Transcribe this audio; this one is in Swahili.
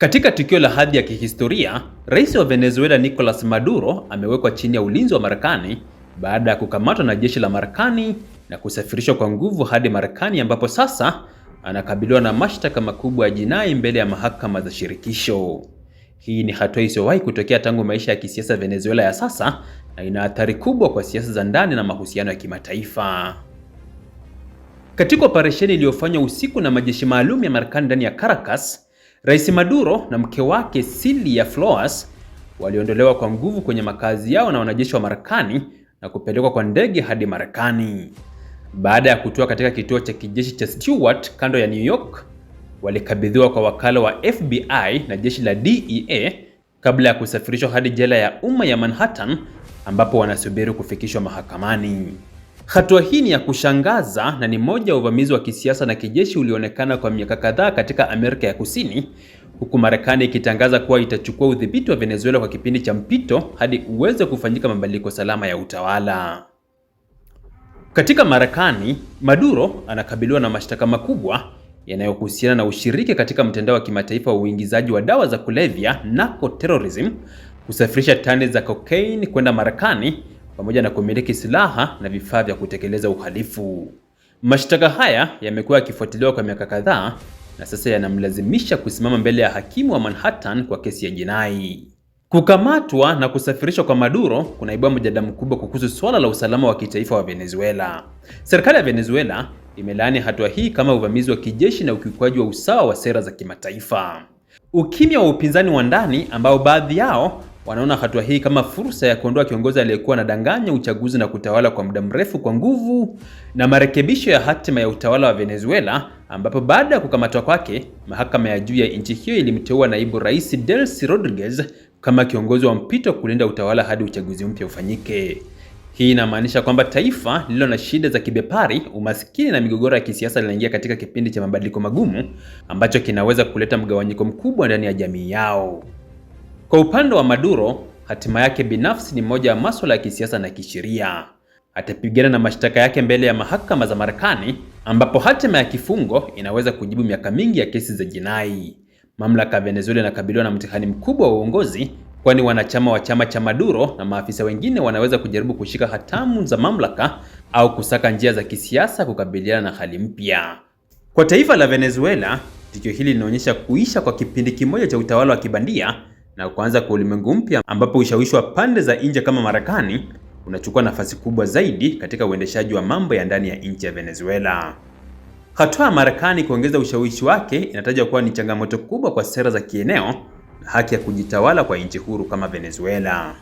Katika tukio la hadhi ya kihistoria, Rais wa Venezuela Nicolas Maduro amewekwa chini ya ulinzi wa Marekani baada ya kukamatwa na jeshi la Marekani na kusafirishwa kwa nguvu hadi Marekani ambapo sasa anakabiliwa na mashtaka makubwa ya jinai mbele ya mahakama za shirikisho. Hii ni hatua isiyowahi kutokea tangu maisha ya kisiasa Venezuela ya sasa na ina athari kubwa kwa siasa za ndani na mahusiano ya kimataifa. Katika operesheni iliyofanywa usiku na majeshi maalum ya Marekani ndani ya Caracas, Rais Maduro na mke wake Cilia Flores waliondolewa kwa nguvu kwenye makazi yao na wanajeshi wa Marekani na kupelekwa kwa ndege hadi Marekani. Baada ya kutua katika kituo cha kijeshi cha Stewart kando ya New York, walikabidhiwa kwa wakala wa FBI na jeshi la DEA kabla ya kusafirishwa hadi jela ya umma ya Manhattan ambapo wanasubiri kufikishwa mahakamani. Hatua hii ni ya kushangaza na ni moja ya uvamizi wa kisiasa na kijeshi ulioonekana kwa miaka kadhaa katika Amerika ya Kusini, huku Marekani ikitangaza kuwa itachukua udhibiti wa Venezuela kwa kipindi cha mpito hadi uweze kufanyika mabadiliko salama ya utawala. Katika Marekani, Maduro anakabiliwa na mashtaka makubwa yanayohusiana na ushiriki katika mtandao wa kimataifa wa uingizaji wa dawa za kulevya narco terrorism, kusafirisha tani za cocaine kwenda Marekani pamoja na kumiliki silaha na vifaa vya kutekeleza uhalifu. Mashtaka haya yamekuwa yakifuatiliwa kwa miaka kadhaa na sasa yanamlazimisha kusimama mbele ya hakimu wa Manhattan kwa kesi ya jinai. Kukamatwa na kusafirishwa kwa Maduro kunaibua mjadala mkubwa kuhusu swala la usalama wa kitaifa wa Venezuela. Serikali ya Venezuela imelaani hatua hii kama uvamizi wa kijeshi na ukiukwaji wa usawa wa sera za kimataifa. Ukimya wa upinzani wa ndani ambao baadhi yao wanaona hatua hii kama fursa ya kuondoa kiongozi aliyekuwa anadanganya uchaguzi na kutawala kwa muda mrefu kwa nguvu na marekebisho ya hatima ya utawala wa Venezuela, ambapo baada ya kukamatwa kwake, mahakama ya juu ya nchi hiyo ilimteua naibu rais Delcy Rodriguez kama kiongozi wa mpito kulinda utawala hadi uchaguzi mpya ufanyike. Hii inamaanisha kwamba taifa lililo na shida za kibepari, umaskini na migogoro ya kisiasa linaingia katika kipindi cha mabadiliko magumu ambacho kinaweza kuleta mgawanyiko mkubwa ndani ya jamii yao. Kwa upande wa Maduro, hatima yake binafsi ni moja ya masuala ya kisiasa na kisheria. Atapigana na mashtaka yake mbele ya mahakama za Marekani, ambapo hatima ya kifungo inaweza kujibu miaka mingi ya kesi za jinai. Mamlaka ya Venezuela inakabiliwa na mtihani mkubwa wa uongozi, kwani wanachama wa chama cha Maduro na maafisa wengine wanaweza kujaribu kushika hatamu za mamlaka au kusaka njia za kisiasa kukabiliana na hali mpya. Kwa taifa la Venezuela, tukio hili linaonyesha kuisha kwa kipindi kimoja cha utawala wa kibandia na kuanza kwa ulimwengu mpya ambapo ushawishi wa pande za nje kama Marekani unachukua nafasi kubwa zaidi katika uendeshaji wa mambo ya ndani ya nchi ya Venezuela. Hatua ya Marekani kuongeza ushawishi wake inatajwa kuwa ni changamoto kubwa kwa sera za kieneo na haki ya kujitawala kwa nchi huru kama Venezuela.